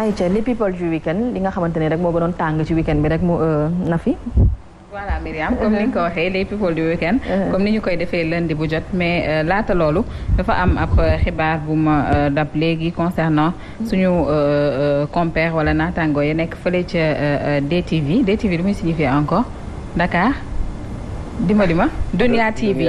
ayca les people du week-end li nga xamante ni rek moo gënoon tàng ci week-end bi rek mu euh, Nafi voilà Myriam comme ni nga ko uh-huh. waxee les people du week-end uh-huh. comme ni ñu koy defee lundi bu jot mais euh, laata loolu dafa am ab euh, xibaar bu ma dab léegi concernant suñu compère wala naataango yi nekk fële ca DTV DTV lu muy signifier encore Dakar dimbali ma Dunia TV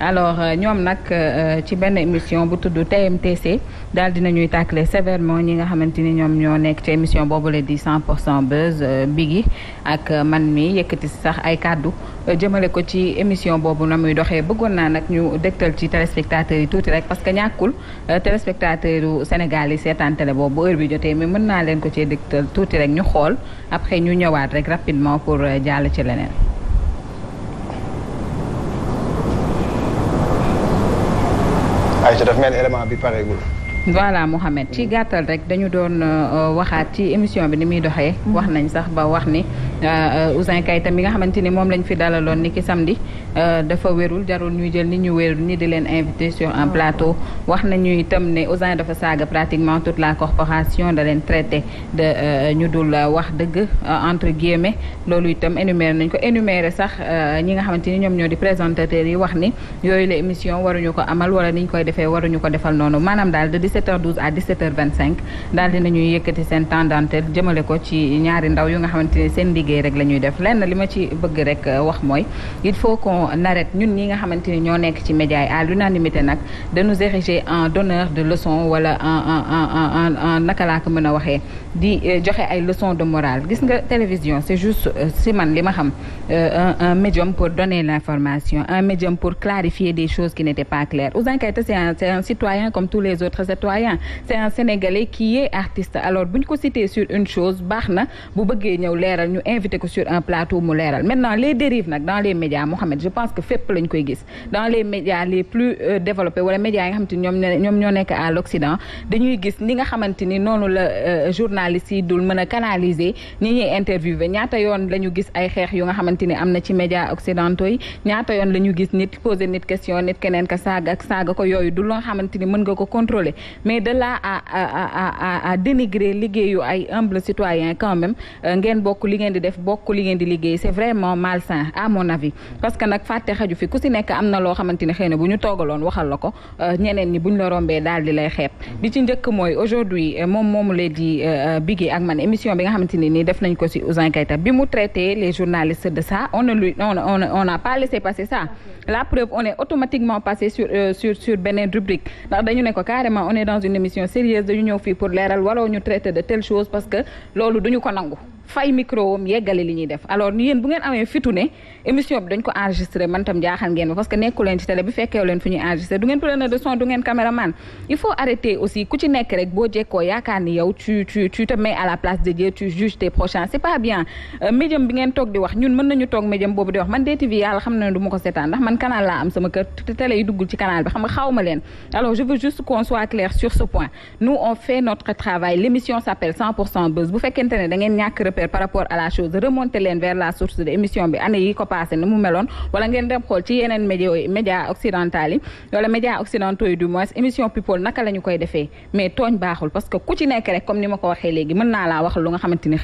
alors euh, ñoom nag euh, ci benn émission bu tudd TMTC daal dina ñuy tàkkale sévèrement ñi nga xamante ni ñoom ñoo nekk ci émission boobu boobule di 100 pour cent buzz euh, bigi ak man mi yëkkati sax ay kàddu jëmale ko ci émission boobu na muy doxee bëggoon naa nag ñu dégtal ci téléspectateurs yi tuuti rek parce que ñàkkul téléspectateurs yu Sénégal yi seetaan télé boobu heure bi jotee mais mën naa leen ko cee dégtal tuuti rek ñu xool après ñu ñëwaat rek rapidement pour jàll ci leneen. ay daf mel ni élément bi pareegul. voilà Mouhamed ci gàttal rek dañu doon euh, waxaat ci émission bi ni muy doxee. Mhm. wax nañ sax ba wax ni euh, euh, Ouzin Keita mi nga xamante ni moom lañ fi dalaloon ni ki samedi dafa wérul jarul ñuy jël ni ñu wérul ni di leen invité sur un plateau. wax nañu itam ne Ouzin dafa saaga pratiquement tout la corporation da leen traité de ñu dul wax dëgg entre guillemets loolu itam énuméré nañ ko énuméré sax ñi nga xamante ni ñoom ñoo di présentateur yi wax ni yooyu la émission waruñu ko amal wala niñ koy defee waruñu ko defal 17h12 à 17h25 daal di nañuy yëkkati seen temps jëmale ko ci ñaari ndaw yu nga xamante seen liggéey rek la ñuy def lenn li ma ci bëgg rek euh, wax mooy il faut que arrête ñun ñi nga xamante ni ñoo nekk ci média yi à l'unanimité nag de nous ériger en donneur de leçon wala en en en en naka laa ko mën a waxee di euh, joxe ay leçons de morale gis nga télévision c'est juste euh, si man li ma xam un médium pour donner l'information un médium pour clarifier des choses qui citoyen c'est un sénégalais qui est alors bu ñu ko cité sur une chose baax na bu bëggee ñëw leeral ñu invité ko sur un plateau mu leeral maintenant les dérives nag dans les médias Mohamed je pense que fépp lañ koy gis dans les médias les plus euh, développés wala médias yi nga xamante ni ñoom ñoom ñoo nekk à l'Occident dañuy gis ni nga xamante ni noonu la euh, journalistes yi dul mën a canaliser ñi ñuy interviewé ñaata yoon la gis ay xeex yu nga xamante ni am na ci médias occidentaux ñaata yoon la ñu gis nit poser nit question nit keneen ka saaga ak saaga ko yooyu du loo xamante ni mën nga ko contrôler mais de là à à à ay humble citoyen quand même euh, ngeen bokk li ngeen di def bokk li ngeen di liggéey c'est vraiment malsain à mon avis parce que nag fàtte xaju fi ku si nekk am na loo xamante ne xëy na bu ñu toogaloon waxal la ko euh, ñeneen ñi bu ñu la rombee daal di lay xeeb bi ci njëkk mooy aujourd'hui euh, moom moomu lee di bigi ak man émission bi nga xamante ne def nañ ko si Ouzin bi mu traité les journalistes de ça on ne lui on on est dans une émission sérieuse dañu ñëw fii pour leeral waroo ñu traiter de telle chose parce que loolu duñu ko nangu fay micro yeggale li ñuy def alors yéen bu ngeen amee fitu ne émission bi dañ ko enregistré man tam jaaxal ngeen ma parce que nekku leen ci télé bi fekkeew leen fu ñuy enregistré du ngeen preneur du ngeen caméraman il faut arrêter aussi ku ci nekk rek boo jekkoo yaakaar ni yow tu te mets à la place de Dieu tu juges tes prochains c'est pas bien euh, médium bi ngeen toog di wax ñun mën nañu toog médium boobu di wax man DTV yàlla xam ne du ma ko seetaan faire par rapport à la chose remonter leen vers la source de émission bi année yi ko passé ni mu wala ngeen dem xool ci yeneen média média occidental yi wala média occidentaux yi du moins émission people naka la koy defee mais tooñ baaxul parce que ku ci rek comme ni ma ko léegi mën naa laa wax lu nga xamante